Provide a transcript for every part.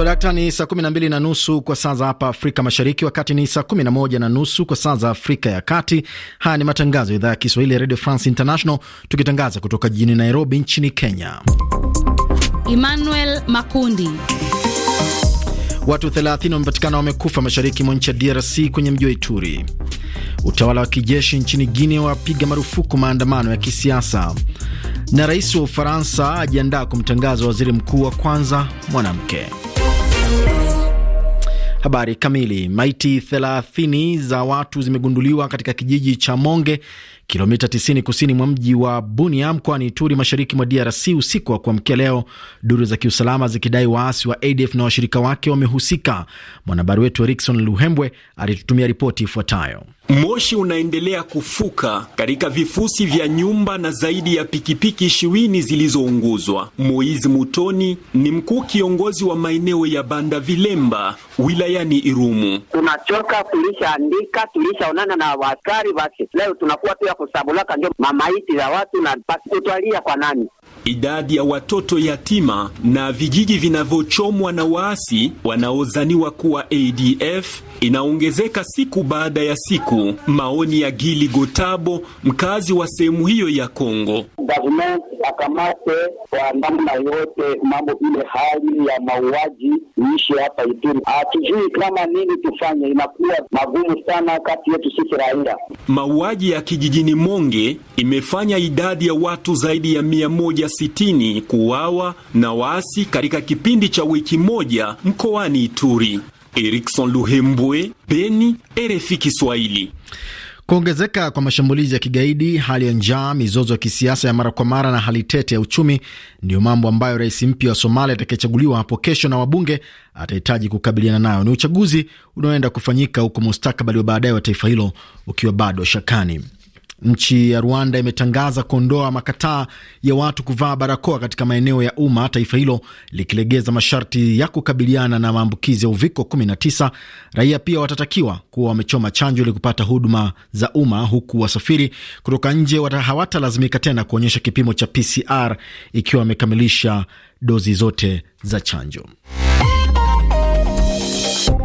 Swadakta ni saa 12 na nusu kwa saa za hapa Afrika Mashariki, wakati ni saa 11 na nusu kwa saa za Afrika ya Kati. Haya ni matangazo ya idhaa ya Kiswahili ya Radio France International, tukitangaza kutoka jijini Nairobi nchini Kenya. Emmanuel Makundi. Watu 30 wamepatikana wamekufa mashariki mwa nchi ya DRC kwenye mji wa Ituri. Utawala wa kijeshi nchini Guinea wapiga marufuku maandamano ya kisiasa, na rais wa Ufaransa ajiandaa kumtangaza waziri mkuu wa kwanza mwanamke. Habari kamili. Maiti thelathini za watu zimegunduliwa katika kijiji cha Monge kilomita 90 kusini mwa mji wa Bunia mkoani Ituri, mashariki mwa DRC. Usiku wa kuamkia leo, duru za kiusalama zikidai waasi wa ADF na washirika wake wamehusika. Mwanahabari wetu Erikson Luhembwe alitutumia ripoti ifuatayo. Moshi unaendelea kufuka katika vifusi vya nyumba na zaidi ya pikipiki ishirini zilizounguzwa. Moizi Mutoni ni mkuu kiongozi wa maeneo ya Banda Vilemba wilayani Irumu. Tunachoka, tulishaandika, tulishaonana na waaskari, basi leo tunakuwa pia kusabulaka ndio mamaiti za watu na basi kutwalia kwa nani? idadi ya watoto yatima na vijiji vinavyochomwa na waasi wanaozaniwa kuwa ADF inaongezeka siku baada ya siku. Maoni ya Gili Gotabo, mkazi wa sehemu hiyo ya Kongo. Gavment akamate kwa namna yote mambo ile, hali ya mauaji iishi hapa Ituri. Hatujui kama nini tufanye, inakuwa magumu sana kati yetu sisi raia. Mauaji ya kijijini Monge imefanya idadi ya watu zaidi ya mia moja sitini kuuawa na waasi katika kipindi cha wiki moja mkoani Ituri. Erikson Luhembwe, Beni, RFI Kiswahili. Kuongezeka kwa mashambulizi ya kigaidi, hali ya njaa, mizozo ya kisiasa ya mara kwa mara na hali tete ya uchumi ndiyo mambo ambayo rais mpya wa Somalia atakayechaguliwa hapo kesho na wabunge atahitaji kukabiliana nayo. Ni uchaguzi unaoenda kufanyika huku mustakabali wa baadaye wa taifa hilo ukiwa bado shakani. Nchi ya Rwanda imetangaza kuondoa makataa ya watu kuvaa barakoa katika maeneo ya umma, taifa hilo likilegeza masharti ya kukabiliana na maambukizi ya uviko 19. Raia pia watatakiwa kuwa wamechoma chanjo ili kupata huduma za umma, huku wasafiri kutoka nje hawatalazimika tena kuonyesha kipimo cha PCR ikiwa wamekamilisha dozi zote za chanjo.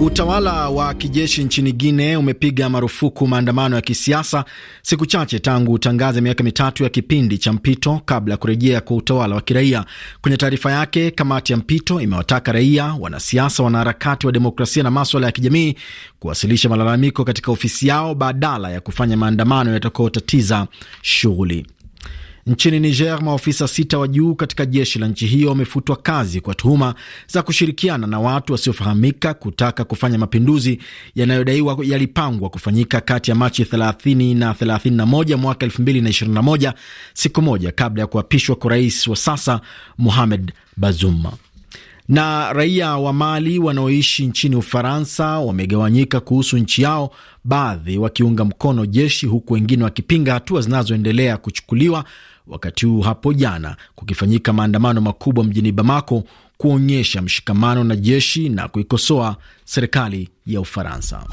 Utawala wa kijeshi nchini guine umepiga marufuku maandamano ya kisiasa siku chache tangu utangaze miaka mitatu ya kipindi cha mpito kabla ya kurejea kwa utawala wa kiraia. Kwenye taarifa yake, kamati ya mpito imewataka raia, wanasiasa, wanaharakati wa demokrasia na maswala ya kijamii kuwasilisha malalamiko katika ofisi yao badala ya kufanya maandamano yatakayotatiza shughuli. Nchini Niger, maofisa sita wa juu katika jeshi la nchi hiyo wamefutwa kazi kwa tuhuma za kushirikiana na watu wasiofahamika kutaka kufanya mapinduzi yanayodaiwa yalipangwa kufanyika kati ya Machi 30 na 31 mwaka 2021, siku moja kabla ya kuapishwa kwa rais wa sasa Mohamed Bazoum. Na raia wa Mali wanaoishi nchini Ufaransa wamegawanyika kuhusu nchi yao, baadhi wakiunga mkono jeshi, huku wengine wakipinga hatua zinazoendelea kuchukuliwa wakati huu hapo jana kukifanyika maandamano makubwa mjini Bamako kuonyesha mshikamano na jeshi na kuikosoa serikali ya Ufaransa.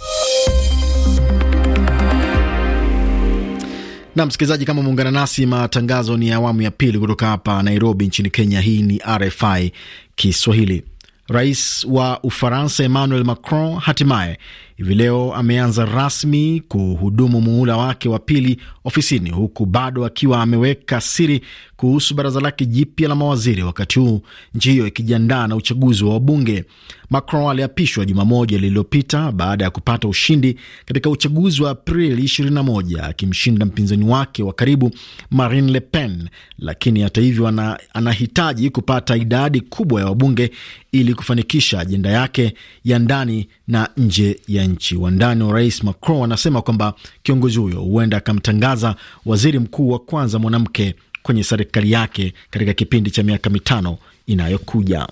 Na msikilizaji, kama umeungana nasi, matangazo ni awamu ya pili kutoka hapa Nairobi nchini Kenya. Hii ni RFI Kiswahili. Rais wa Ufaransa Emmanuel Macron hatimaye hivi leo ameanza rasmi kuhudumu muhula wake wa pili ofisini, huku bado akiwa ameweka siri kuhusu baraza lake jipya la mawaziri, wakati huu nchi hiyo ikijiandaa na uchaguzi wa wabunge. Macron aliapishwa juma moja lililopita baada ya kupata ushindi katika uchaguzi wa Aprili 21 akimshinda mpinzani wake wa karibu Marine Le Pen, lakini hata hivyo ana, anahitaji kupata idadi kubwa ya wabunge ili kufanikisha ajenda yake ya ndani na nje ya nchi ndani wa rais Macron anasema kwamba kiongozi huyo huenda akamtangaza waziri mkuu wa kwanza mwanamke kwenye serikali yake katika kipindi cha miaka mitano inayokuja.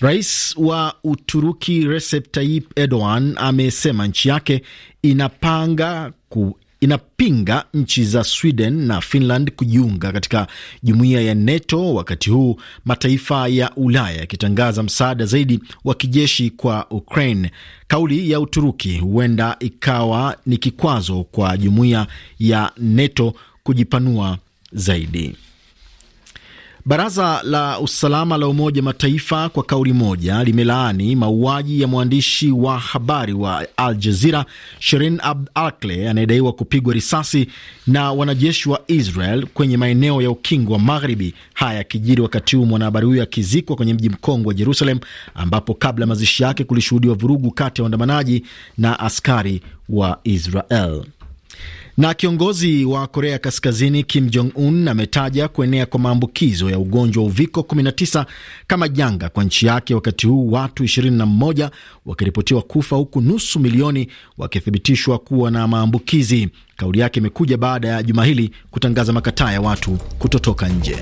Rais wa Uturuki Recep Tayyip Erdogan amesema nchi yake inapanga ku inapinga nchi za Sweden na Finland kujiunga katika jumuiya ya NATO, wakati huu mataifa ya Ulaya yakitangaza msaada zaidi wa kijeshi kwa Ukraine. Kauli ya Uturuki huenda ikawa ni kikwazo kwa jumuiya ya NATO kujipanua zaidi. Baraza la usalama la Umoja Mataifa kwa kauli moja limelaani mauaji ya mwandishi wa habari wa Al Jazira Shirin Abd akle anayedaiwa kupigwa risasi na wanajeshi wa Israel kwenye maeneo ya ukingo wa Magharibi. Haya yakijiri wakati huu mwanahabari huyo akizikwa kwenye mji mkongwe wa Jerusalem, ambapo kabla ya mazishi yake kulishuhudiwa vurugu kati ya waandamanaji na askari wa Israel. Na kiongozi wa Korea Kaskazini Kim Jong Un ametaja kuenea kwa maambukizo ya ugonjwa wa uviko 19 kama janga kwa nchi yake, wakati huu watu 21 wakiripotiwa kufa huku nusu milioni wakithibitishwa kuwa na maambukizi. Kauli yake imekuja baada ya juma hili kutangaza makataa ya watu kutotoka nje.